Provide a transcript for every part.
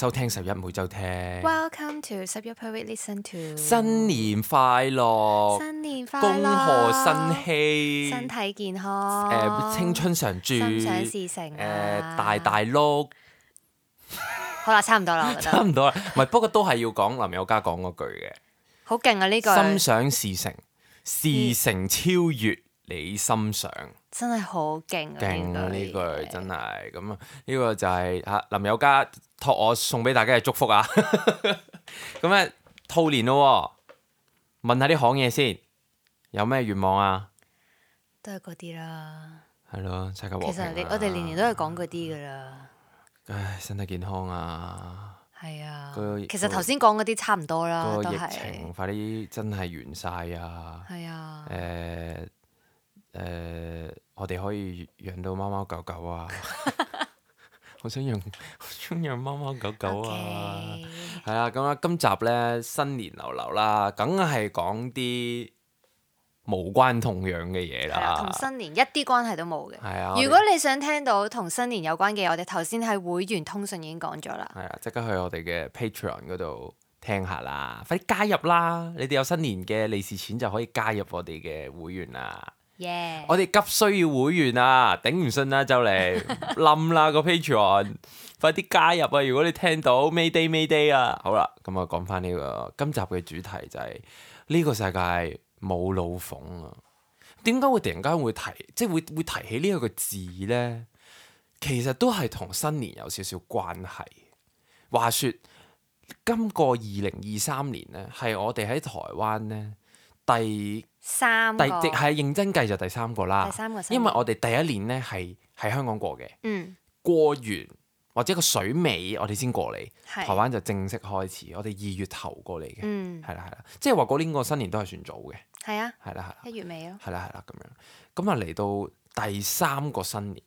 收聽拾壹每周聽。Welcome to 拾壹 per week listen to。新年快樂，新年快樂，恭賀新禧，身體健康，誒，青春常駐，心想事成，誒，大大碌。好啦，差唔多啦，差唔多啦，唔係，不過都係要講林宥嘉講嗰句嘅，好勁啊呢句，心想事成，事成超越你心想，真係好勁啊呢句，真係咁啊呢個就係吓林宥嘉。託我送俾大家嘅祝福啊！咁 咧，兔年咯，問下啲行嘢先，有咩願望啊？都係嗰啲啦。係咯，世界和平。其實我哋年年都係講嗰啲㗎喇。唉，身體健康啊。係啊的。嗰個、其實頭先講嗰啲差唔多啦，都係。個疫情是快啲真係完晒啊！係啊的。誒誒、呃呃，我哋可以養到貓貓狗狗啊！ 好想養，我想養貓貓狗狗啊！係啊，咁啊，今集呢，新年流流啦，梗係講啲無關痛癢嘅嘢啦。同、啊、新年一啲關係都冇嘅。啊、如果你想聽到同新年有關嘅，我哋頭先喺會員通訊已經講咗啦。係啊，即刻去我哋嘅 Patreon 嗰度聽下啦，快啲加入啦！你哋有新年嘅利是錢就可以加入我哋嘅會員啦。Yeah. 我哋急需要會員啊，頂唔順啊，就嚟冧啦個 Patreon 快啲加入啊！如果你聽到，Mayday Mayday 啊，好啦，咁啊講返呢個今集嘅主題就係呢個世界冇老逢啊，點解會突然間會提，即係會會提起呢一個字呢？其實都係同新年有少少關係。話説今個二零二三年呢，係我哋喺台灣呢。第。三，第係認真計就第三個啦。第三個，因為我哋第一年呢係喺香港過嘅，過完或者個水尾，我哋先過嚟台灣就正式開始。我哋二月頭過嚟嘅，係啦係啦，即係話嗰年個新年都係算早嘅，係啊，係啦係啦，一月尾咯，係啦係啦咁樣。咁啊嚟到第三個新年，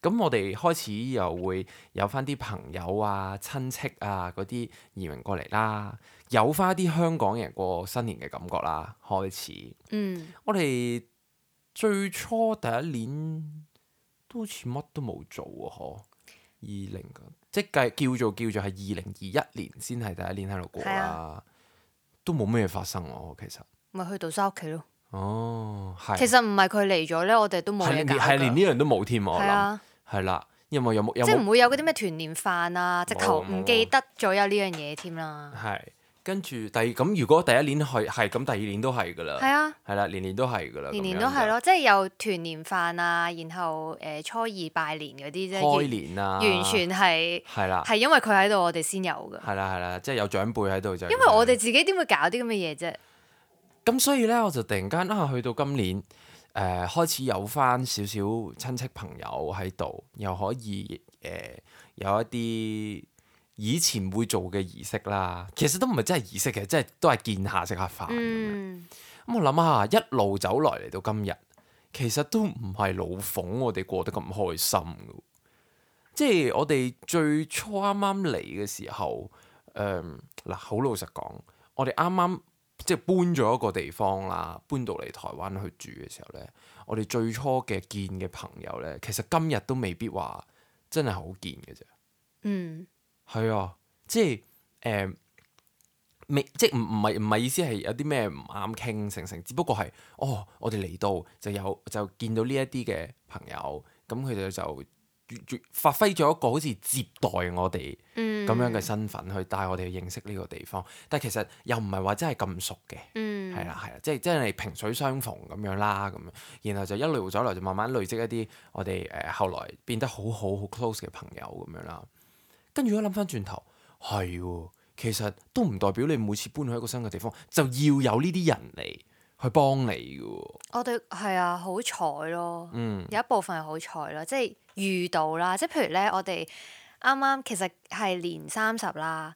咁我哋開始又會有翻啲朋友啊、親戚啊嗰啲移民過嚟啦。有翻啲香港人過新年嘅感覺啦，開始。嗯，我哋最初第一年都好似乜都冇做喎，嗬。二零即係叫做叫做係二零二一年先係第一年喺度過啦，啊、都冇咩嘢發生喎、啊，其實。咪去到生屋企咯。哦，係、啊。其實唔係佢嚟咗咧，我哋都冇嘢搞。係連呢樣都冇添啊！係啊，係啦，因為有冇有，有，有，有，有即係唔會有嗰啲咩團年飯啊，直頭唔記得咗有呢樣嘢添啦。係。跟住第咁，如果第一年去，係咁，第二年都係噶啦。係啊，係啦，年年都係噶啦。年年都係咯，即係有團年飯啊，然後誒、呃、初二拜年嗰啲啫。開年啊，完全係係啦，係因為佢喺度，我哋先有噶。係啦係啦，即係有長輩喺度就。因為我哋自己點會搞啲咁嘅嘢啫？咁所以咧，我就突然間啊，去到今年誒、呃，開始有翻少少親戚朋友喺度，又可以誒、呃、有一啲。以前會做嘅儀式啦，其實都唔係真係儀式嘅，即係都係見下食下飯咁。嗯、咁我諗下，一路走來嚟到今日，其實都唔係老馮，我哋過得咁開心。即係我哋最初啱啱嚟嘅時候，誒、嗯、嗱，好老實講，我哋啱啱即係搬咗一個地方啦，搬到嚟台灣去住嘅時候咧，我哋最初嘅見嘅朋友咧，其實今日都未必話真係好見嘅啫。嗯。係啊，即係誒，未、呃、即唔唔係唔係意思係有啲咩唔啱傾成成，只不過係哦，我哋嚟到就有就見到呢一啲嘅朋友，咁佢哋就越越發揮咗一個好似接待我哋咁樣嘅身份、嗯、去帶我哋去認識呢個地方，但係其實又唔係話真係咁熟嘅，係啦係啦，即係即係你萍水相逢咁樣啦咁樣，樣，然後就一路走來就慢慢累積一啲我哋誒、呃、後來變得好好好 close 嘅朋友咁樣啦。跟住我諗翻轉頭，係喎，其實都唔代表你每次搬去一個新嘅地方就要有呢啲人嚟去幫你嘅。我哋，係啊，好彩咯，有一部分係好彩咯，即係遇到啦。即係譬如咧，我哋啱啱其實係年三十啦。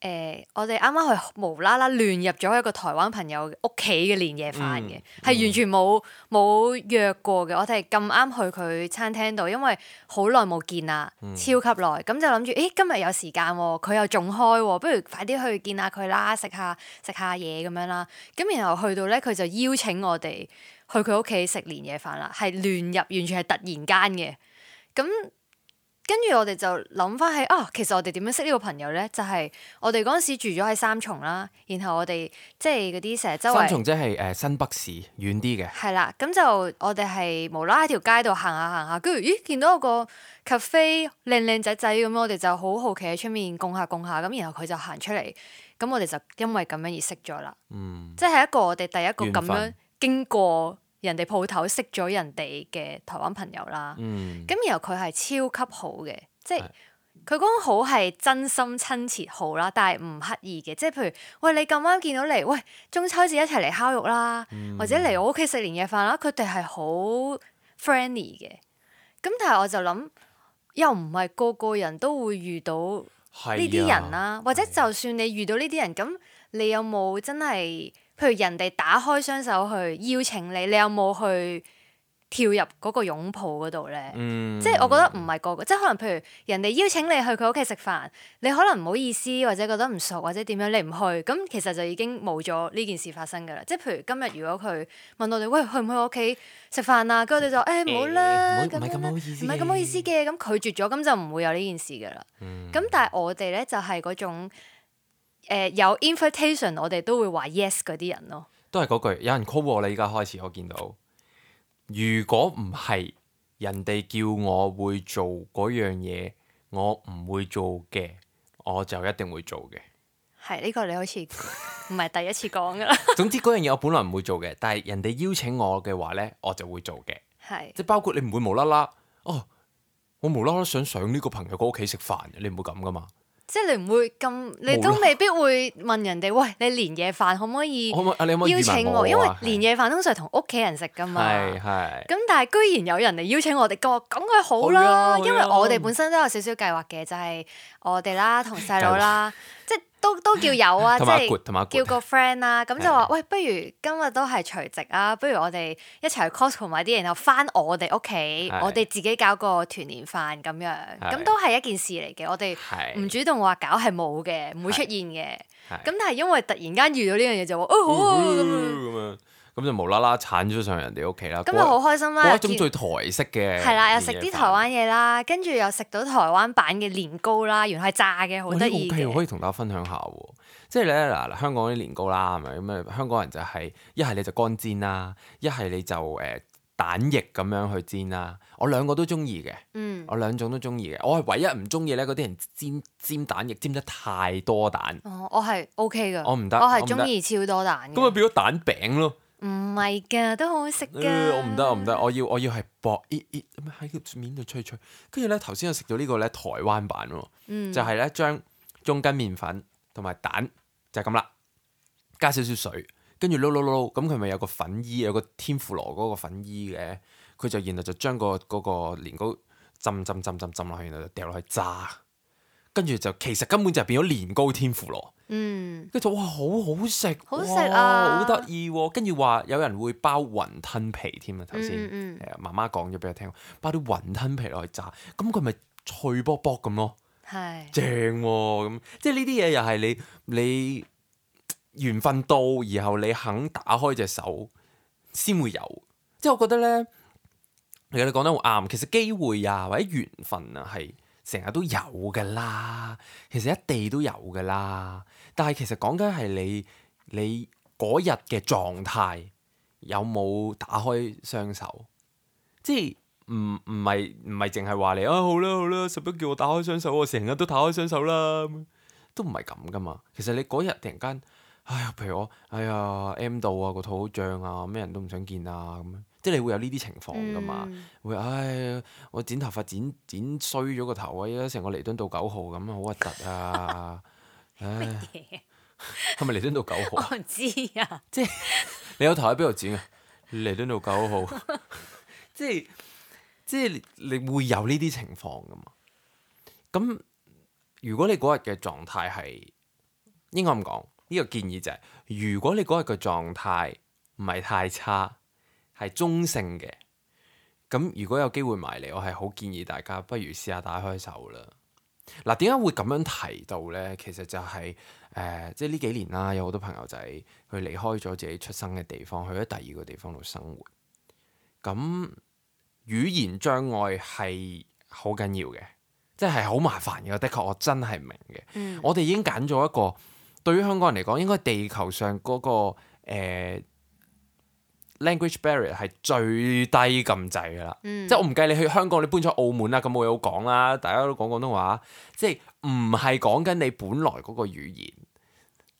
誒、呃，我哋啱啱係無啦啦亂入咗一個台灣朋友屋企嘅年夜飯嘅，係、嗯嗯、完全冇冇約過嘅。我哋係咁啱去佢餐廳度，因為好耐冇見啦，超級耐。咁、嗯、就諗住，誒今日有時間、喎，佢又仲開、喎，不如快啲去見下佢啦，食下食下嘢咁樣啦。咁然後去到咧，佢就邀請我哋去佢屋企食年夜飯啦，係亂入，完全係突然間嘅。咁。跟住我哋就諗翻起，啊、哦，其實我哋點樣識呢個朋友咧？就係、是、我哋嗰陣時住咗喺三重啦，然後我哋即係嗰啲成日周圍。三重即係誒新北市遠啲嘅。係啦，咁就我哋係無啦喺條街度行下行下，跟住咦見到一個 cafe 靚靚仔仔咁，我哋就好好奇喺出面共下共下咁，然後佢就行出嚟，咁我哋就因為咁樣而識咗啦。嗯，即係一個我哋第一個咁樣經過。人哋鋪頭識咗人哋嘅台灣朋友啦，咁、嗯、然後佢係超級好嘅、嗯即，即係佢嗰種好係真心親切好啦，但係唔刻意嘅，即係譬如喂你咁啱見到嚟，喂中秋節一齊嚟烤肉啦，嗯、或者嚟我屋企食年夜飯啦，佢哋係好 friendly 嘅。咁但係我就諗，又唔係個個人都會遇到呢啲人啦，啊、或者就算你遇到呢啲人，咁、啊嗯、你有冇真係？譬如人哋打開雙手去邀請你，你有冇去跳入嗰個擁抱嗰度咧？即係我覺得唔係個個，即係可能譬如人哋邀請你去佢屋企食飯，你可能唔好意思，或者覺得唔熟，或者點樣，你唔去，咁其實就已經冇咗呢件事發生㗎啦。即係譬如今日如果佢問我哋喂去唔去我屋企食飯啊，跟住我哋就誒唔好啦，唔係咁好意思，唔係咁好意思嘅，咁拒絕咗，咁就唔會有呢件事㗎啦。咁但係我哋咧就係嗰種。誒，有 invitation 我哋都會話 yes 嗰啲人咯，都係嗰句，有人 call 我，你依家開始我見到。如果唔係人哋叫我會做嗰樣嘢，我唔會做嘅，我就一定會做嘅。係呢個你好似唔係第一次講㗎喇。總之嗰樣嘢我本來唔會做嘅，但係人哋邀請我嘅話呢，我就會做嘅。係即包括你唔會無啦啦哦，我無啦啦想上呢個朋友個屋企食飯，你唔會咁㗎嘛？即係你唔會咁，你都未必會問人哋，喂，你年夜飯可唔可以邀請我，因為年夜飯通常同屋企人食噶嘛，咁是但係居然有人嚟邀請我哋，我感覺好啦，好好，因為我哋本身都有少少計劃嘅，就係、是、我哋啦，同細佬啦，即都都叫有啊， 即係叫個 friend 啦、啊。咁就話，的喂，不如今日都係除夕啊！不如我哋一齊去 cosplay 埋啲，然後翻我哋屋企，的我哋自己搞個團年飯咁樣。咁的都係一件事嚟嘅。我哋唔主動話搞係冇嘅，唔的會出現嘅。咁但係的的因為突然間遇到呢樣嘢就話，哦，好啊咁樣。哦哦嗯嗯嗯嗯咁就無啦啦鏟咗上人哋屋企啦，咁咪好開心啦！哇，咁最台式嘅，係啦，又食啲台灣嘢啦，跟住又食到台灣版嘅年糕啦，原來係炸嘅，好得意嘅。哦、okay，可以同大家分享下喎，即係咧嗱香港啲年糕啦，係咪，咁啊香港人就係一係你就乾煎啦，一係你就誒、呃、蛋液咁樣去煎啦。我兩個都中意嘅，嗯、我兩種都中意嘅。我係唯一唔中意咧嗰啲人煎煎蛋液煎得太多蛋。我係 O K 嘅，我唔得、okay，我係中意超多蛋嘅，咁咪變咗蛋餅咯。唔係噶，都好好食噶。我唔得，我唔得，我要我要係薄咦，咦咦，喺個面度吹吹。跟住咧，頭先我食咗呢個咧台灣版喎，就係咧將中筋麵粉同埋蛋就咁啦，加少少水，跟住撈撈撈，咁佢咪有個粉衣，有個天婦羅嗰個粉衣嘅，佢就然後就將個嗰個年糕浸浸浸浸浸落去，然後就掉落去炸。跟住就，其實根本就變咗年糕天婦羅。嗯，跟住哇，啊，哇，好好食，哦，好食啊，好得意。跟住話有人會包雲吞皮添啊，頭先係啊，媽媽講咗俾我聽，包啲雲吞皮落去炸，咁佢咪脆卜卜咁咯，係正咁，哦嗯，即係呢啲嘢又係你你緣分到，然後你肯打開隻手先會有。即係我覺得咧，其實你講得好啱，其實機會啊或者緣分啊係。成日都有噶啦，其實一地都有噶啦。但係其實講緊係你你嗰日嘅狀態有冇打開雙手，即係唔唔係唔係淨係話你啊、哎、好啦好啦，拾壹叫我打開雙手，我成日都打開雙手啦，都唔係咁噶嘛。其實你嗰日突然間，哎呀譬如我哎呀 M 到啊，個肚好脹啊，咩人都唔想見啊咁樣。即係你會有呢啲情況㗎嘛？嗯、會唉，我剪頭髮剪剪衰咗個頭個啊！而家成個彌敦道九號咁啊，好核突啊！唉，乜嘢係咪彌敦道九號我知啊。即係你有頭喺邊度剪啊？彌敦道九號。即係即係你，你會有呢啲情況㗎嘛？咁如果你嗰日嘅狀態係應該咁講，呢、這個建議就係、是、如果你嗰日嘅狀態唔係太差。係中性嘅，咁如果有機會埋嚟，我係好建議大家，不如試下打開手啦。嗱、啊，點解會咁樣提到呢？其實就係、是、誒、呃，即係呢幾年啦、啊，有好多朋友仔佢離開咗自己出生嘅地方，去咗第二個地方度生活。咁語言障礙係好緊要嘅，即係好麻煩嘅。的確，我真係唔明嘅。嗯、我哋已經揀咗一個對於香港人嚟講，應該地球上嗰、那個、呃 language barrier 係最低咁滯噶啦，嗯、即係我唔計你去香港，你搬咗澳門啦，咁我有講啦，大家都講廣東話，即係唔係講緊你本來嗰個語言，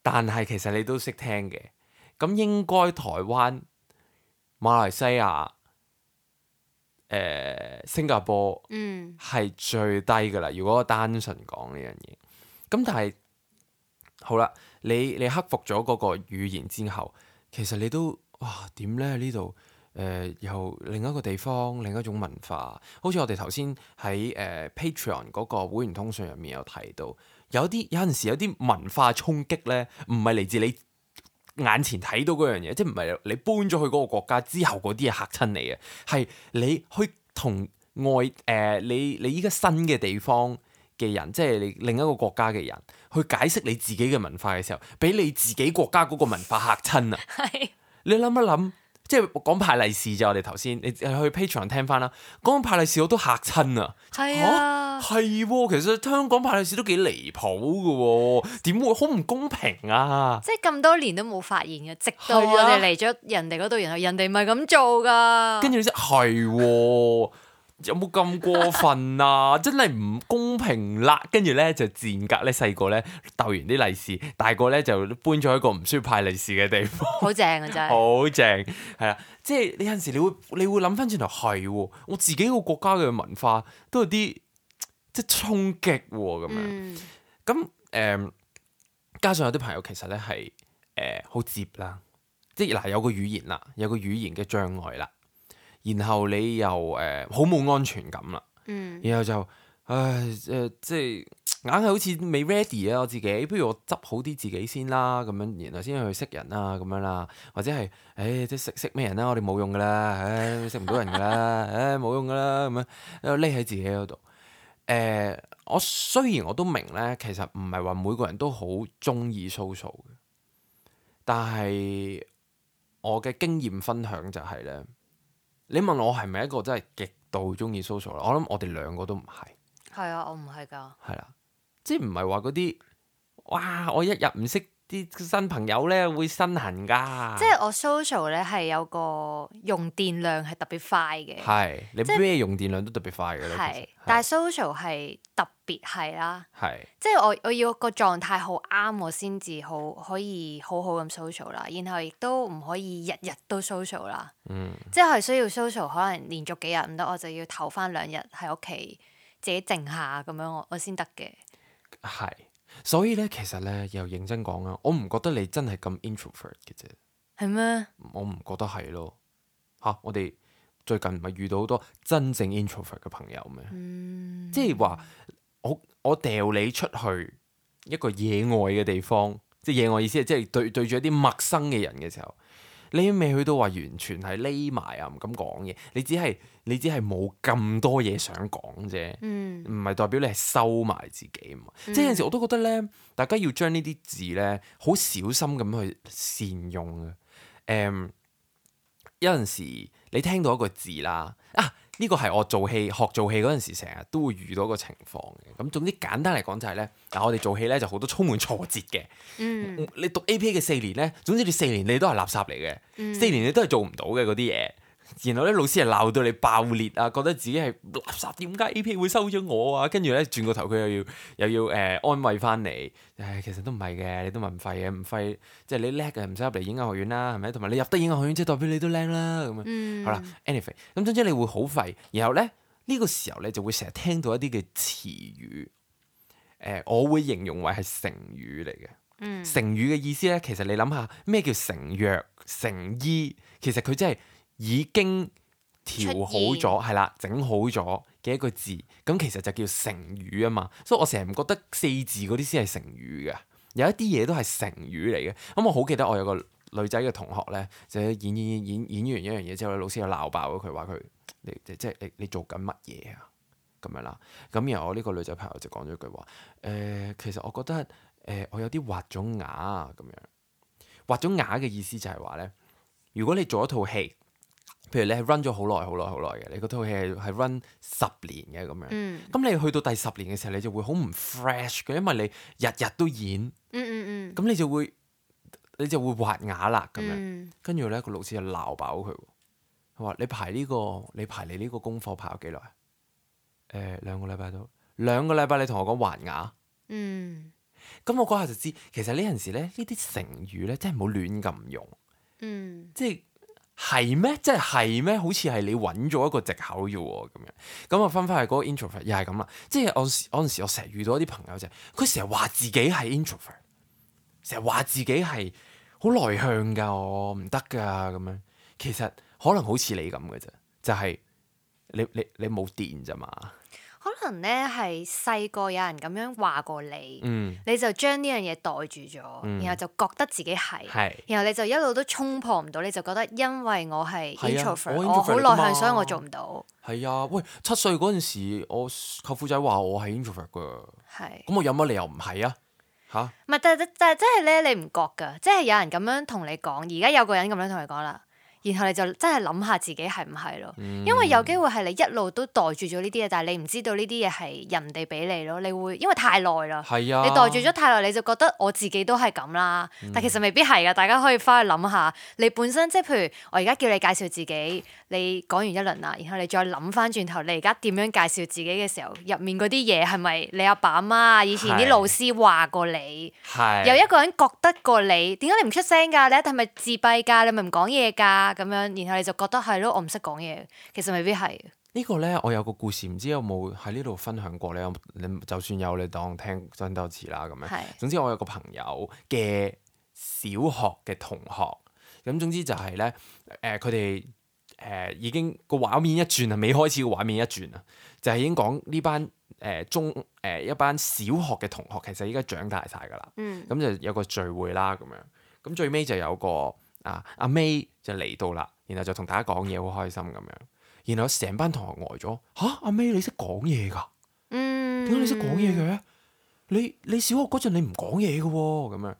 但係其實你都識聽嘅。咁應該台灣、馬來西亞、誒、呃、新加坡係、嗯、最低噶啦。如果我單純講呢樣嘢，咁但係好啦，你你克服咗嗰個語言之後，其實你都。哇，點咧？呢度誒，又、呃、另一個地方，另一種文化，好似我哋頭先喺誒、呃、Patreon 嗰個會員通訊入面有提到，有啲有陣時有啲文化衝擊咧，唔係嚟自你眼前睇到嗰樣嘢，即係唔係你搬咗去嗰個國家之後嗰啲嘢嚇親你嘅，係你去同外誒、呃、你你依家新嘅地方嘅人，即係你另一個國家嘅人去解釋你自己嘅文化嘅時候，俾你自己國家嗰個文化嚇親啊！ 你諗一諗，即係講派利是就我哋頭先，你去 Patreon 聽翻啦。講派利是我都吓親啊，係啊，係、啊，其實香港派利是都幾離譜噶，點會好唔公平啊？即係咁多年都冇發現嘅，直到我哋嚟咗人哋嗰度，然後、啊、人哋唔係咁做噶。跟住你咧係。 有冇咁過分啊？真係唔公平啦！跟住咧就賤格咧，細個咧逗完啲利是，大個咧就搬咗喺個唔需要派利是嘅地方。好 正啊！真係。好正，係啦，即係你有陣時你會你會諗翻轉頭係喎，我自己個國家嘅文化都有啲即係衝擊喎咁樣。咁誒、嗯呃，加上有啲朋友其實咧係誒好接啦，即係嗱有個語言啦，有個語言嘅障礙啦。然後你又誒好冇安全感啦，然後就唉誒、呃呃、即係硬係好似未 ready 啊，我自己不如我執好啲自己先啦，咁樣，然後先去識人啊，咁樣啦，或者係誒即係識識咩人啦，啊，我哋冇用噶啦，唉識唔到人噶啦，誒冇 用噶啦，咁樣匿喺自己嗰度。誒、呃、我雖然我都明咧，其實唔係話每個人都好中意 social 嘅，但係我嘅經驗分享就係咧。你問我係咪一個真係極度鍾意 social？我諗我哋兩個都唔係。係啊，我唔係㗎。係啦，即係唔係話嗰啲，哇！我一日唔識啲新朋友咧會身痕噶，即係我 social 咧係有個用電量係特別快嘅，係你咩即用電量都特別快嘅，係是，實但係 social 係特別係啦，係是，即係我我要個狀態好啱我先至好可以好好咁 social 啦，然後亦都唔可以日日都 social 啦，嗯，即係需要 social 可能連續幾日唔得，我就要唞翻兩日喺屋企自己靜下咁樣我，我我先得嘅，係。所以咧，其實咧又認真講啊，我唔覺得你真係咁 introvert 嘅啫。係咩？我唔覺得係咯。吓，我哋最近咪遇到好多真正 introvert 嘅朋友咩？嗯、即係話我我掉你出去一個野外嘅地方，即係野外意思係即係對對住一啲陌生嘅人嘅時候。你未去到話完全係匿埋啊，唔敢講嘢。你只係你只係冇咁多嘢想講啫，唔係、嗯、代表你係收埋自己嘛。嗯、即係有陣時我都覺得咧，大家要將呢啲字咧好小心咁去善用嘅。誒、um，有陣時你聽到一個字啦啊！呢個係我做戲學做戲嗰陣時，成日都會遇到個情況嘅。咁總之簡單嚟講就係、是、咧，嗱我哋做戲咧就好多充滿挫折嘅。嗯、你讀、AP、APA 嘅四年咧，總之你四年你都係垃圾嚟嘅，嗯、四年你都係做唔到嘅嗰啲嘢。然後咧，老師係鬧到你爆裂啊！覺得自己係垃圾，點解 A P A 會收咗我啊？跟住咧，轉個頭佢又要又要誒、呃、安慰翻你、哎。其實都唔係嘅，你都唔廢嘅，唔廢即係你叻嘅，唔使入嚟演藝學院啦，係咪？同埋你入得演藝學院，即係代表你都靚啦咁樣。嗯、好啦，anything 咁，總之你會好廢。然後咧，呢、這個時候你就會成日聽到一啲嘅詞語。誒、呃，我會形容為係成語嚟嘅。嗯、成語嘅意思咧，其實你諗下咩叫成藥成衣？其實佢真係。已經調好咗，係啦現，整好咗嘅一個字，咁其實就叫成語啊嘛。所以我成日唔覺得四字嗰啲先係成語嘅，有一啲嘢都係成語嚟嘅。咁、嗯、我好記得我有個女仔嘅同學咧，就演演演演演完一樣嘢之後，老師就鬧爆佢，話佢你即係你你，你做緊乜嘢啊？咁樣啦。咁然後我呢個女仔朋友就講咗一句話，誒、呃，其實我覺得誒、呃，我有啲畫咗牙啊。咁樣畫咗牙嘅意思就係話咧，如果你做一套戲。譬如你係 run 咗好耐、好耐、好耐嘅，你嗰套戲係係 run 十年嘅咁樣。咁、嗯、你去到第十年嘅時候，你就會好唔 fresh 嘅，因為你日日都演。咁、嗯嗯嗯、你就會你就會滑牙啦咁樣。跟住咧，個老師就鬧爆佢。佢話：你排呢、這個，你排你呢個功課排咗幾耐？誒、呃，兩個禮拜都。兩個禮拜你同我講滑牙。咁、嗯、我嗰下就知，其實呢陣時咧，呢啲成語咧真係唔好亂咁用。嗯、即係。係咩？即係係咩？好似係你揾咗一個藉口，要喎，咁樣咁啊，翻翻去嗰個 introvert 又係咁啦。即係我時我時我成日遇到一啲朋友就係，佢成日話自己係 introvert，成日話自己係好內向噶，我唔得噶咁樣。其實可能好似你咁嘅啫，就係、是、你你你冇電咋嘛。可能咧係細個有人咁樣話過你，嗯、你就將呢樣嘢袋住咗，嗯、然後就覺得自己係，是然後你就一路都衝破唔到，你就覺得因為我係 introvert，好內向，所以我做唔到。係啊，喂，七歲嗰陣時，我舅父仔話我係 introvert 噶，係是。咁我有乜理由唔係啊？吓？唔係，但係但係即係咧，你唔覺噶，即係有人咁樣同你講，而家有個人咁樣同你講啦。然後你就真係諗下自己係唔係咯？因為有機會係你一路都袋住咗呢啲嘢，但係你唔知道呢啲嘢係人哋俾你咯。你會因為太耐啦，是啊、你袋住咗太耐，你就覺得我自己都係咁啦。但其實未必係噶，大家可以翻去諗下，你本身即係譬如我而家叫你介紹自己，你講完一輪啦，然後你再諗翻轉頭，你而家點樣介紹自己嘅時候，入面嗰啲嘢係咪你阿爸阿媽啊？以前啲老師話過你，是 有一個人覺得過你，點解你唔出聲㗎？你一定係咪自閉㗎？你咪唔講嘢㗎？咁樣，然後你就覺得係咯，我唔識講嘢，其實未必係。個呢個咧，我有個故事，唔知有冇喺呢度分享過咧？你就算有，你當聽真多次啦。咁樣，係總之我有個朋友嘅小學嘅同學，咁總之就係咧，誒、呃，佢哋誒已經個畫面一轉啊，未開始個畫面一轉啊，就係、係、已經講呢班誒中誒、呃、一班小學嘅同學，其實依家長大晒噶啦。嗯。咁就有個聚會啦，咁樣，咁最尾就有個。啊！阿 May 就嚟到啦，然後就同大家講嘢，好開心咁、啊啊嗯哦、樣。然後成班同學呆咗，吓、啊！阿 May，你識講嘢噶？嗯，點解你識講嘢嘅？你你小學嗰陣你唔講嘢噶？咁樣，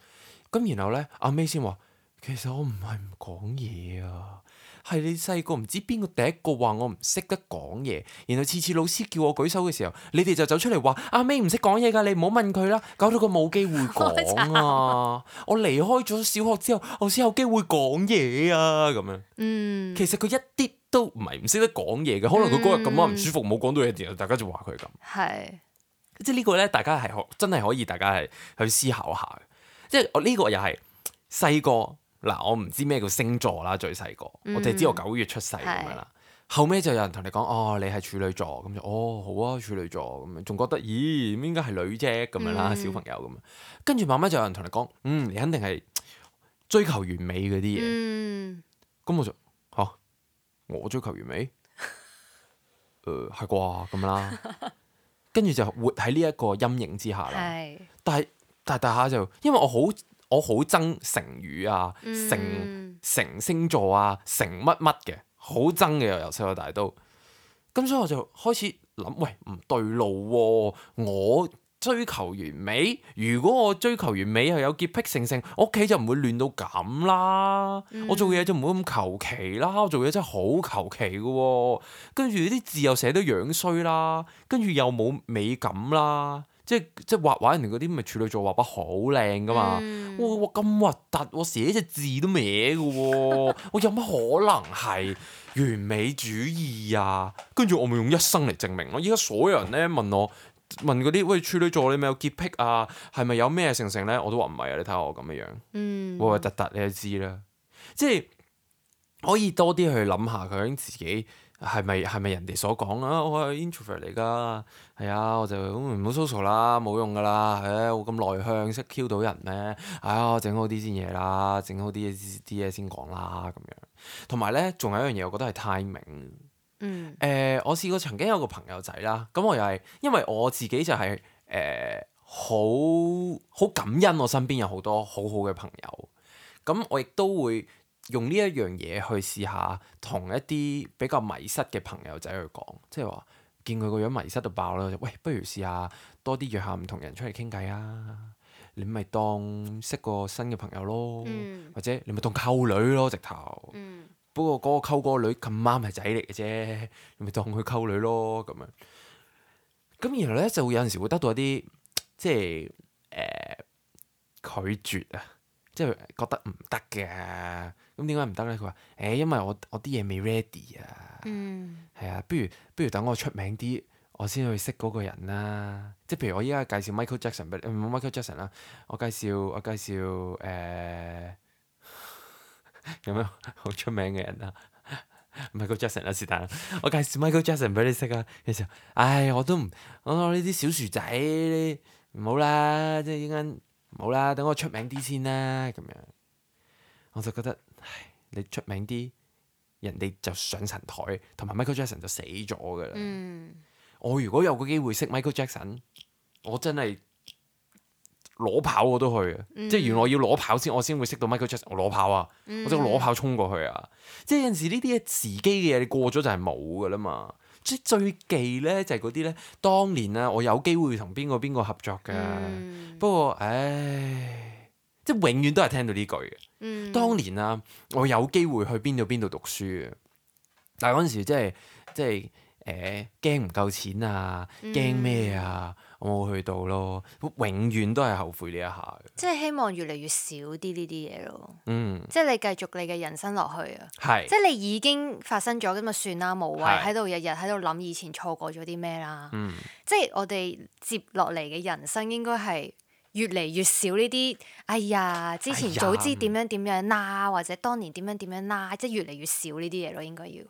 咁然後咧，阿 May 先話。其實我唔係唔講嘢，啊，係你細個唔知邊個第一個話我唔識得講嘢，然後次次老師叫我舉手嘅時候，你哋就走出嚟，ah, 話阿 May 唔識講嘢噶，你唔好問佢啦，搞到佢冇機會講啊！我離開咗小學之後，我先有機會講嘢啊！咁樣，嗯，其實佢一啲都唔係唔識得講嘢嘅。可能佢嗰日咁啱唔舒服冇講、嗯、到嘢，然後大家就話佢係咁，係是，即係呢個咧，大家係可真係可以，大家係去思考下即係我呢個又係細個。嗱，我唔知咩叫星座啦，最細個，嗯、我淨係知我九月出世咁樣啦。是後尾就有人同你講，哦，你係處女座，咁就哦，好啊，處女座咁樣，仲覺得咦，咁應該係女啫咁樣啦，嗯、小朋友咁。跟住慢慢就有人同你講，嗯，你肯定係追求完美嗰啲嘢。咁、嗯、我就吓、啊，我追求完美，誒係啩咁樣啦。 跟住就活喺呢一個陰影之下啦。是但係但係但係就因為我好。我好憎成語啊，成成星座啊，成乜乜嘅，好憎嘅由細到大都。咁所以我就開始諗，喂唔對路喎、啊！我追求完美，如果我追求完美又有潔癖、性性，我屋企就唔會亂到咁啦，嗯、啦。我做嘢就唔會咁求其啦。我做嘢真係好求其嘅。跟住啲字又寫得樣衰啦，跟住又冇美感啦。即係即係畫畫人哋嗰啲咪處女座畫筆好靚㗎嘛？哇，咁核突，我寫隻字都歪嘅喎，啊，我有乜可能係完美主義啊？跟住我咪用一生嚟證明咯！依家所有人咧問我問嗰啲喂處女座你咪有，有潔癖啊？係咪有咩成成咧？我都話唔係啊！你睇下我咁嘅樣，樣，我核突突你都知啦。即係可以多啲去諗下佢自己。係咪係咪人哋所講啊？我係 introvert 嚟㗎，係啊，我就唔好 social 啦，冇用㗎啦。啊，我咁內向，識 Q 到人咩？係、哎、啊，整好啲先嘢啦，整好啲啲嘢先講啦咁樣。同埋咧，仲有一樣嘢，我覺得係 timing。嗯、呃，我試過曾經有個朋友仔啦，咁我又係因為我自己就係誒好好感恩我身邊有好多好好多好好嘅朋友，咁我亦都會。用呢一樣嘢去試下，同一啲比較迷失嘅朋友仔去講，即係話見佢個樣迷失到爆啦，喂，不如試下多啲約下唔同人出嚟傾偈啊！你咪當識個新嘅朋友咯，嗯、或者你咪當溝女咯，直頭。嗯、不過嗰個溝嗰個女咁啱係仔嚟嘅啫，你咪當佢溝女咯咁樣。咁然後咧就會有陣時會得到一啲即係誒、呃、拒絕啊，即係覺得唔得嘅。咁點解唔得咧？佢話誒，因為我我啲嘢未 ready 啊，係、嗯、啊，不如不如等我出名啲，我先去識嗰個人啦、啊。即係譬如我依家介紹 Michael Jackson 俾你，唔、嗯、Michael Jackson 啦、啊，我介紹我介紹誒有咩好出名嘅人啊 ？Michael Jackson 啦、啊，是但啦，我介紹 Michael Jackson 俾你識啊。其實唉，我都唔我呢啲小薯仔，唔好啦，即係依家唔好啦，等我出名啲先啦。咁樣我就覺得。你出名啲，人哋就上神台，同埋 Michael Jackson 就死咗噶啦。嗯、我如果有個機會識 Michael Jackson，我真係攞跑我都去，嗯、即係原來我要攞跑先，我先會識到 Michael Jackson。我攞跑啊，嗯、我就攞跑衝過去啊！即係有陣時呢啲嘢，自己嘅嘢你過咗就係冇噶啦嘛。即係最忌咧就係嗰啲咧，當年啊，我有機會同邊個邊個合作㗎。嗯、不過唉。即永遠都係聽到呢句嘅，嗯、當年啦，我有機會去邊度邊度讀書嘅，但係嗰陣時即係即係誒驚唔夠錢啊，驚咩啊，嗯、我冇去到咯，永遠都係後悔呢一下嘅。即係希望越嚟越少啲呢啲嘢咯，嗯，即係你繼續你嘅人生落去啊，係，即係你已經發生咗咁啊，算啦，無謂喺度日日喺度諗以前錯過咗啲咩啦，即係我哋接落嚟嘅人生應該係。越嚟越少呢啲，哎呀！之前早知點樣點樣啦，哎、呀或者當年點樣點樣啦，即係越嚟越少呢啲嘢咯，應該要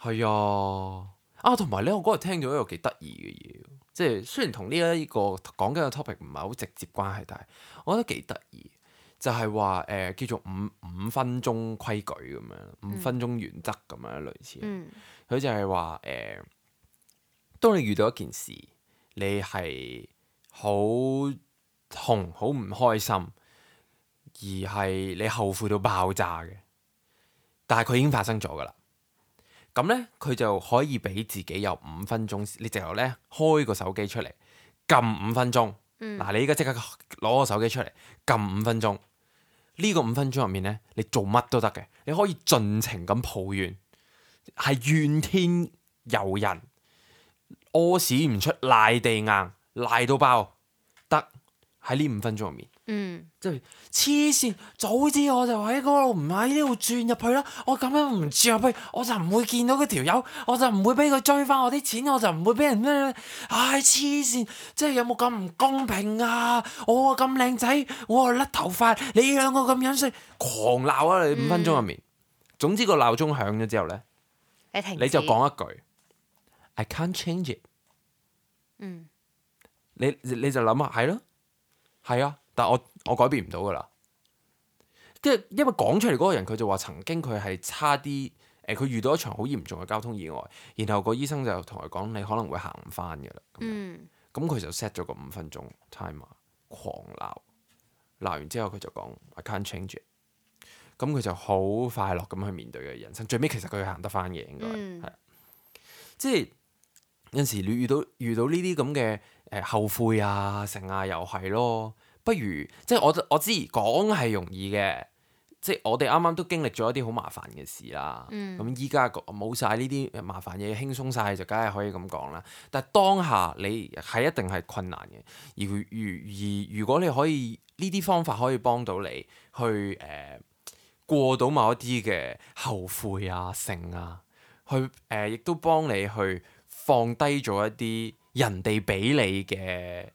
係啊。啊，同埋咧，我嗰日聽咗一個幾得意嘅嘢，即係雖然同呢一個講緊嘅 topic 唔係好直接關係，但係我覺得幾得意，就係話誒叫做五五分鐘規矩咁樣，五分鐘原則咁樣、嗯、類似。佢就係話誒，當你遇到一件事，你係好，同好唔開心，而係你後悔到爆炸嘅，但係佢已經發生咗噶啦。咁呢，佢就可以俾自己有五分鐘，你就頭呢開個手機出嚟，撳五分鐘。嗱、嗯啊，你依家即刻攞個手機出嚟，撳五分鐘。呢、這個五分鐘入面呢，你做乜都得嘅，你可以盡情咁抱怨，係怨天尤人，屙屎唔出賴地硬，賴到爆。喺呢五分鐘入面，嗯，即係黐線，早知我就喺嗰度唔喺呢度轉入去啦。我咁樣唔轉入去，我就唔會見到嗰條友，我就唔會俾佢追翻我啲錢，我就唔會俾人咩。唉，黐線，即係有冇咁唔公平啊？我咁靚仔，我，甩頭，我甩頭髮，你兩個咁樣衰，狂鬧啊！你五分鐘入面，嗯、總之個鬧鐘響咗之後咧，你停你、嗯你，你就講一句，I can't change it。嗯，你你就諗下係咯。係啊，但我我改變唔到噶啦。跟住，因為講出嚟嗰個人，佢就話曾經佢係差啲，誒、呃、佢遇到一場好嚴重嘅交通意外，然後個醫生就同佢講：你可能會行唔翻噶啦。嗯。咁佢就 set 咗個五分鐘 time，狂鬧，鬧完之後佢就講：I can't change it。咁佢就好快樂咁去面對嘅人生，最尾其實佢行得翻嘅，應該係、嗯啊。即係有時遇遇到遇到呢啲咁嘅。誒後悔啊，成啊，又係咯，不如即係我我知講係容易嘅，即係我哋啱啱都經歷咗一啲好麻煩嘅事啦。咁依家冇晒呢啲麻煩嘢，輕鬆晒就梗係可以咁講啦。但係當下你係一定係困難嘅，而而而如果你可以呢啲方法可以幫到你去誒、呃、過到某一啲嘅後悔啊，成啊，去誒、呃、亦都幫你去放低咗一啲。人哋俾你嘅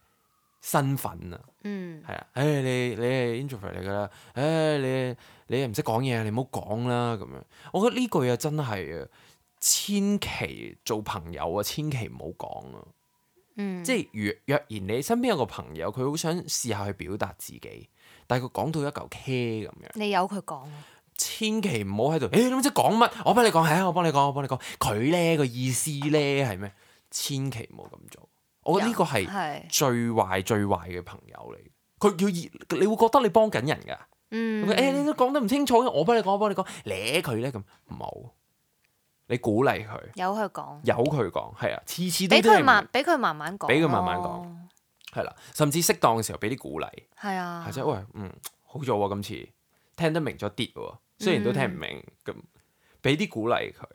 身份啊，嗯，係啊，唉，你你係 introvert 嚟噶啦，唉，你你又唔識講嘢，你唔好講啦咁樣。我覺得呢句嘢真係啊，千祈做朋友啊，千祈唔好講啊。即係若若然你身邊有個朋友，佢好想試下去表達自己，但係佢講到一嚿 k 咁樣，你由佢講。千祈唔好喺度，唉，你唔知講乜，我幫你講，係啊，我幫你講，我幫你講。佢咧個意思咧係咩？千祈唔好咁做，我覺得呢個係最壞、最壞嘅朋友嚟。佢叫你，你會覺得你幫緊人㗎。嗯，誒、欸，你都講得唔清楚，我幫你講，我幫你講，理佢咧咁唔好。你鼓勵佢，由佢講，由佢講，係 啊，次次都俾佢慢，俾佢慢慢講，俾佢慢慢講，係啦、哦啊，甚至適當嘅時候俾啲鼓勵，係啊，即者、啊、喂，嗯，好咗喎、哦，今次聽得明咗啲喎，雖然都聽唔明，咁俾啲鼓勵佢，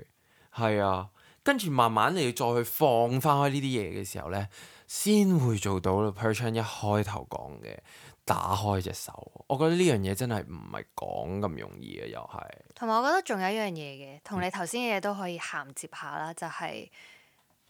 係啊。跟住慢慢你要再去放翻開呢啲嘢嘅時候呢，先會做到咯。Perchan 一開頭講嘅，打開隻手，我覺得呢樣嘢真係唔係講咁容易嘅，又係。同埋我覺得仲有一樣嘢嘅，同你頭先嘅嘢都可以銜接下啦，就係、是、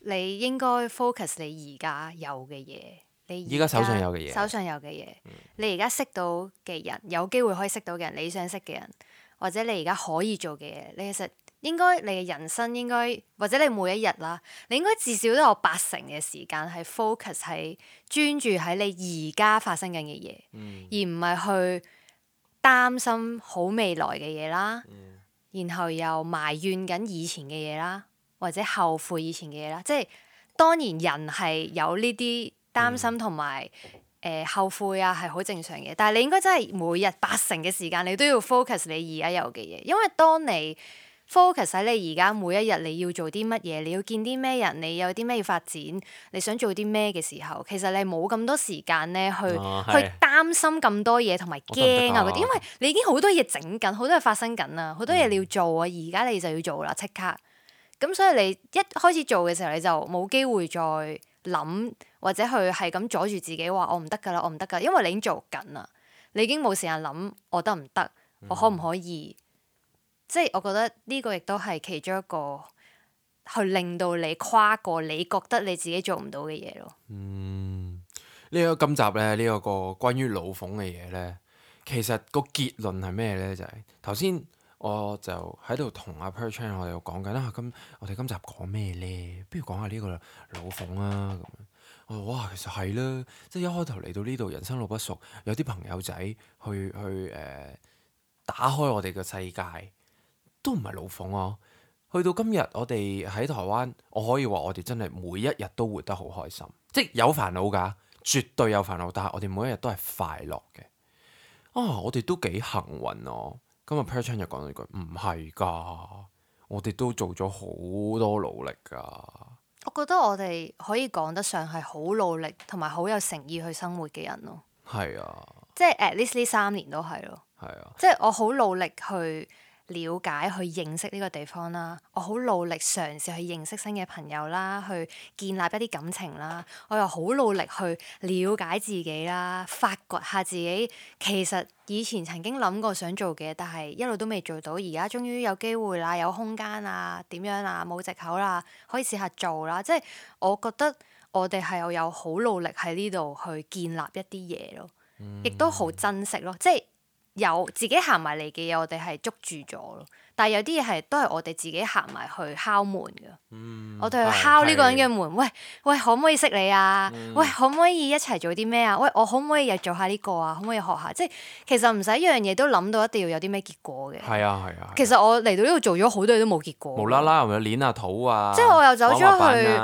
你應該 focus 你而家有嘅嘢，你而家手上有嘅嘢，手上有嘅嘢，嗯、你而家識到嘅人，有機會可以識到嘅人，你想識嘅人，或者你而家可以做嘅嘢，你其實。應該你嘅人生應該或者你每一日啦，你應該至少都有八成嘅時間係 focus 喺專注喺你而家發生緊嘅嘢，嗯、而唔係去擔心好未來嘅嘢啦，嗯、然後又埋怨緊以前嘅嘢啦，或者後悔以前嘅嘢啦。即係當然人係有呢啲擔心同埋誒後悔啊，係好正常嘅。但係你應該真係每日八成嘅時間，你都要 focus 你而家有嘅嘢，因為當你 focus 你而家每一日你要做啲乜嘢，你要見啲咩人，你有啲咩要發展，你想做啲咩嘅時候，其實你冇咁多時間咧，去、啊、去擔心咁多嘢同埋驚啊嗰啲，啊、因為你已經好多嘢整緊，好多嘢發生緊啊，好多嘢你要做啊，而家、嗯、你就要做啦，即刻。咁所以你一開始做嘅時候，你就冇機會再諗或者去係咁阻住自己話我唔得噶啦，我唔得噶，因為你已經做緊啦，你已經冇時間諗我得唔得，我可唔可以？即係我覺得呢個亦都係其中一個去令到你跨過你覺得你自己做唔到嘅嘢咯。嗯，呢、這個今集咧，呢、這個個關於老逢嘅嘢咧，其實個結論係咩咧？就係頭先我就喺度同阿 Perchan 我哋講緊啦。今我哋今集講咩咧？不如講下呢個老逢啊。咁我話其實係啦，即係一開頭嚟到呢度人生路不熟，有啲朋友仔去去誒、呃、打開我哋嘅世界。都唔係老逢啊。去到今日，我哋喺台灣，我可以話我哋真係每一日都活得好開心，即有煩惱噶，絕對有煩惱，但係我哋每一日都係快樂嘅。啊，我哋都幾幸運哦、啊！咁啊，Perchan 就講咗句唔係噶，我哋都做咗好多努力噶。我覺得我哋可以講得上係好努力，同埋好有誠意去生活嘅人咯。係啊，即係 at least 呢三年都係咯。係啊，即係我好努力去。了解去認識呢個地方啦，我好努力嘗試去認識新嘅朋友啦，去建立一啲感情啦，我又好努力去了解自己啦，發掘下自己。其實以前曾經諗過想做嘅，但係一路都未做到，而家終於有機會啦，有空間啊，點樣啊，冇借口啦，可以試下做啦。即係我覺得我哋係有好努力喺呢度去建立一啲嘢咯，亦都好珍惜咯，即係。有自己行埋嚟嘅嘢，我哋係捉住咗咯。但係有啲嘢係都係我哋自己行埋去敲門㗎，嗯、我哋去敲呢個人嘅門，喂，喂可唔可以識你啊？嗯、喂可唔可以一齊做啲咩啊？喂我可唔可以入做下呢個啊？可唔可以學下？即係其實唔使一樣嘢都諗到一定要有啲咩結果嘅。係啊係啊。啊啊其實我嚟到呢度做咗好多嘢都冇結果。無啦啦又捻下肚啊。即係我又走咗去學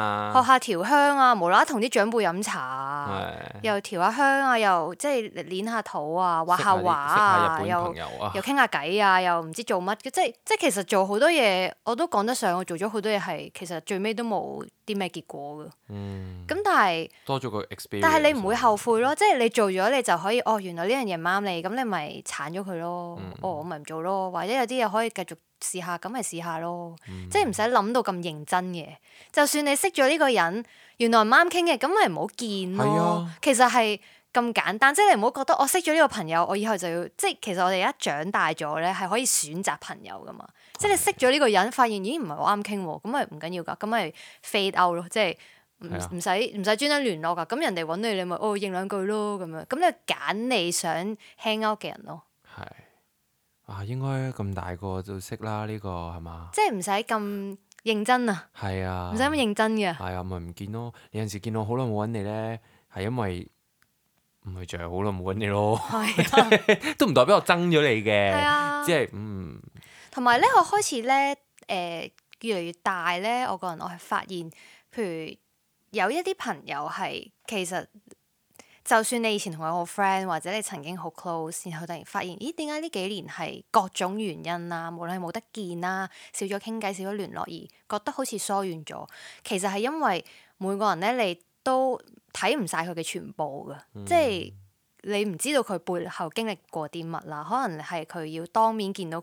下調香啊，無啦同啲長輩飲茶啊，又調下香啊，又即係捻下肚啊，畫下畫啊，啊又又傾下偈啊，又唔知做乜即係。即係其實做好多嘢，我都講得上。我做咗好多嘢係，其實最尾都冇啲咩結果噶。嗯。咁但係多咗個 experience。但係你唔會後悔咯，即係你做咗你就可以哦。原來呢樣嘢唔啱你，咁你咪鏟咗佢咯。嗯、哦，我咪唔做咯。或者有啲嘢可以繼續試下，咁咪試下咯。嗯、即係唔使諗到咁認真嘅。就算你識咗呢個人，原來唔啱傾嘅，咁咪唔好見咯。啊、其實係。咁簡單，即係你唔好覺得我識咗呢個朋友，我以後就要即係其實我哋而家長大咗咧，係可以選擇朋友噶嘛。係。即係你識咗呢個人，發現已經唔係我啱傾喎，咁咪唔緊要噶，咁咪 fade out 咯，即係唔唔使唔使專登聯絡噶。咁人哋揾你，你咪哦應兩句咯咁樣。咁你揀你想 hang out 嘅人咯。係，啊應該咁大個就識啦，呢、這個係嘛？即係唔使咁認真啊！係啊，唔使咁認真嘅。係啊，咪唔、就是、見咯。有陣時見到好耐冇揾你咧，係因為。唔去著，嗯、就好耐冇揾你咯， 都唔代表我憎咗你嘅，啊、即係嗯。同埋咧，我開始咧，誒、呃，越嚟越大咧，我個人我係發現，譬如有一啲朋友係，其實就算你以前同佢好 friend，或者你曾經好 close，然後突然發現咦點解呢幾年係各種原因啊，無論係冇得見啦、啊，少咗傾偈，少咗聯絡，而覺得好似疏遠咗，其實係因為每個人咧你。都睇唔晒佢嘅全部㗎，嗯、即係你唔知道佢背後經歷過啲乜啦。可能係佢要當面見到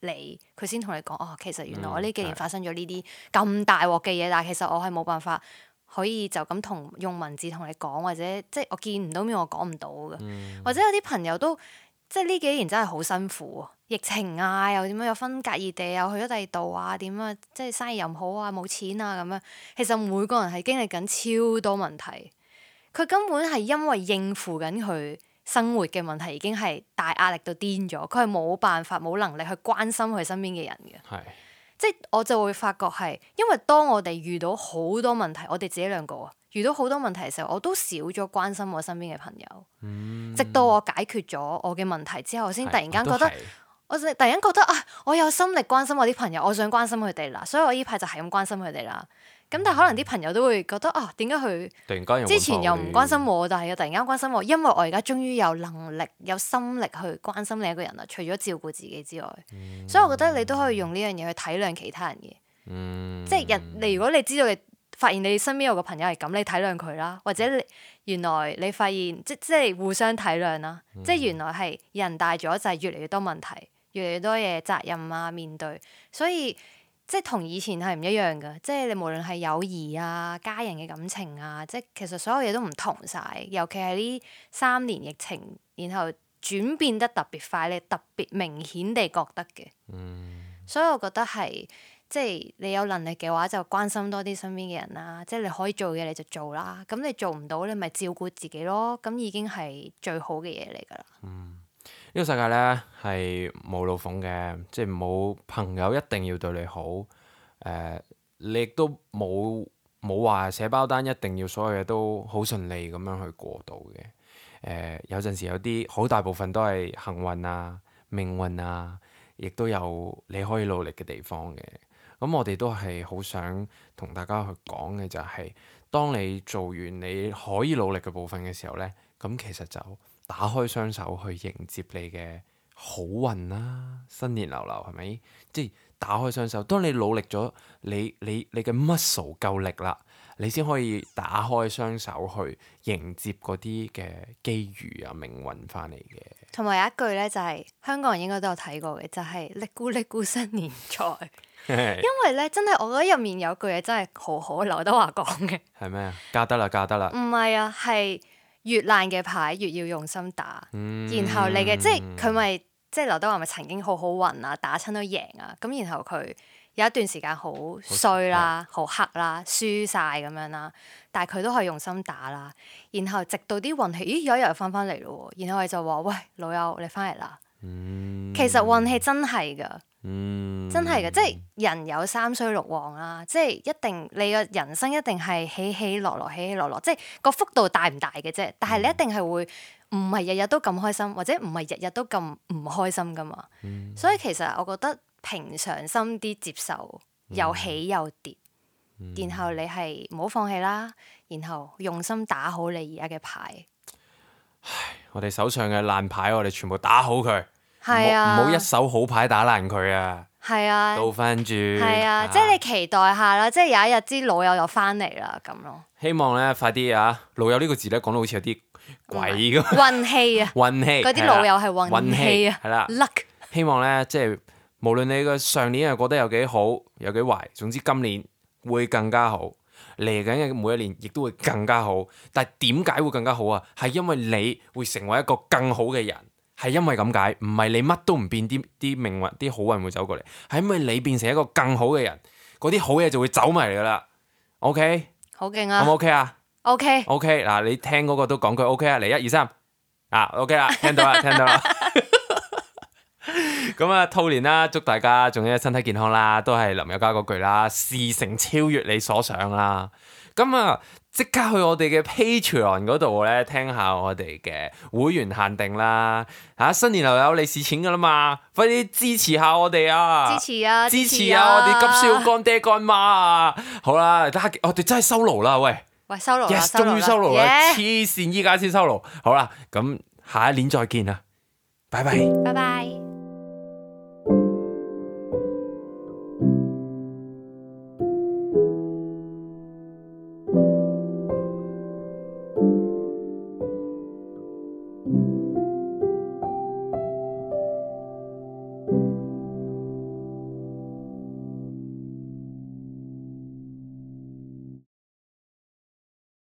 你，佢先同你講哦。其實原來我呢幾年發生咗呢啲咁大鑊嘅嘢，嗯、但係其實我係冇辦法可以就咁同用文字同你講，或者即係我見唔到面我講唔到㗎。嗯、或者有啲朋友都。即係呢幾年真係好辛苦喎，疫情啊，又點樣又分隔異地，又去咗第二度啊，點啊，即係生意又唔好啊，冇錢啊咁樣。其實每個人係經歷緊超多問題，佢根本係因為應付緊佢生活嘅問題，已經係大壓力到癲咗，佢係冇辦法、冇能力去關心佢身邊嘅人嘅。係是，即係我就會發覺係，因為當我哋遇到好多問題，我哋自己兩個。遇到好多問題嘅時候，我都少咗關心我身邊嘅朋友。嗯、直到我解決咗我嘅問題之後，先突然間覺得，我，我突然間覺得啊，我有心力關心我啲朋友，我想關心佢哋啦。所以我依排就係咁關心佢哋啦。咁但係可能啲朋友都會覺得啊，點解佢之前又唔關心我，但係又突然間關心我？因為我而家終於有能力、有心力去關心你一個人啦。除咗照顧自己之外，嗯、所以我覺得你都可以用呢樣嘢去體諒其他人嘅。嗯、即係人，你如果你知道嘅。發現你身邊有個朋友係咁，你體諒佢啦，或者你原來你發現即即係互相體諒啦，嗯、即係原來係人大咗就係越嚟越多問題，越嚟越多嘢責任啊面對，所以即係同以前係唔一樣㗎，即係你無論係友誼啊、家人嘅感情啊，即係其實所有嘢都唔同晒。尤其係呢三年疫情，然後轉變得特別快，你特別明顯地覺得嘅，嗯、所以我覺得係。即係你有能力嘅話，就關心多啲身邊嘅人啦。即係你可以做嘅，你就做啦。咁你做唔到，你咪照顧自己咯。咁已經係最好嘅嘢嚟噶啦。嗯，呢、這個世界呢，係冇老逢嘅，即係冇朋友一定要對你好。誒、呃，你亦都冇冇話寫包單一定要所有嘢都好順利咁樣去過渡嘅。誒、呃，有陣時有啲好大部分都係幸運啊、命運啊，亦都有你可以努力嘅地方嘅。咁我哋都係好想同大家去講嘅就係，當你做完你可以努力嘅部分嘅時候咧，咁其實就打開雙手去迎接你嘅好運啦，新年流流係咪？即係打開雙手，當你努力咗，你你你嘅 muscle 夠力啦，你先可以打開雙手去迎接嗰啲嘅機遇啊，命運翻嚟嘅。同埋有，有一句咧，就係、是、香港人應該都有睇過嘅，就係、是、叻咕叻咕新年財。 因為咧，真係我覺得入面有句嘢真係好好，劉德華講嘅係咩啊？加得啦，加得啦。唔係啊，係越爛嘅牌越要用心打。嗯、然後你嘅即係佢咪即係劉德華咪曾經好好運啊，打親都贏啊。咁然後佢有一段時間好衰啦，好黑啦，輸晒咁樣啦。樣但係佢都可以用心打啦。然後直到啲運氣咦有一日又翻翻嚟咯。然後佢就話，喂，老友你翻嚟啦。嗯、其實運氣真係噶。嗯、真係嘅，即係人有三衰六旺啦，即係一定你嘅人生一定係起起落落，起起落落，即係個幅度大唔大嘅啫。但係你一定係會唔係日日都咁開心，或者唔係日日都咁唔開心噶嘛。嗯、所以其實我覺得平常心啲接受，又起又跌，嗯、然後你係唔好放棄啦，然後用心打好你而家嘅牌。唉，我哋手上嘅爛牌，我哋全部打好佢。係啊，唔好一手好牌打爛佢啊！係啊，倒翻轉，係啊，即係你期待下啦，即係有一日啲老友又翻嚟啦，咁咯。希望咧快啲啊！老友呢個字咧講到好似有啲鬼咁。運氣啊，運氣，嗰啲老友係運氣啊，係啦。luck，希望咧即係無論你個上年覺得有幾好，有幾壞，總之今年會更加好，嚟緊嘅每一年亦都會更加好。但係點解會更加好啊？係因為你會成為一個更好嘅人。係因為咁解，唔係你乜都唔變，啲啲命運啲好運會走過嚟，係因為你變成一個更好嘅人，嗰啲好嘢就會走埋嚟噶啦。OK，好勁啊，好唔、啊、OK 啊？OK，OK，嗱你聽嗰個都講句 OK 啊，嚟一二三啊，OK 啦、啊，聽到啦， 聽到啦。咁 啊，兔年啦，祝大家仲要身體健康啦，都係林宥嘉嗰句啦，事成超越你所想啦。咁啊。即刻去我哋嘅 p a y p o n 嗰度咧，聽下我哋嘅會員限定啦！嚇、啊、新年又有利是錢噶啦嘛，快啲支持下我哋啊！支持啊！支持啊！持啊啊我哋急少乾爹乾媽啊！好啦，啊、我哋真係收爐啦！喂喂，收爐 y e 終於收爐啦！黐線 Yeah.，依家先收爐。好啦，咁下一年再見啦，拜拜！拜拜！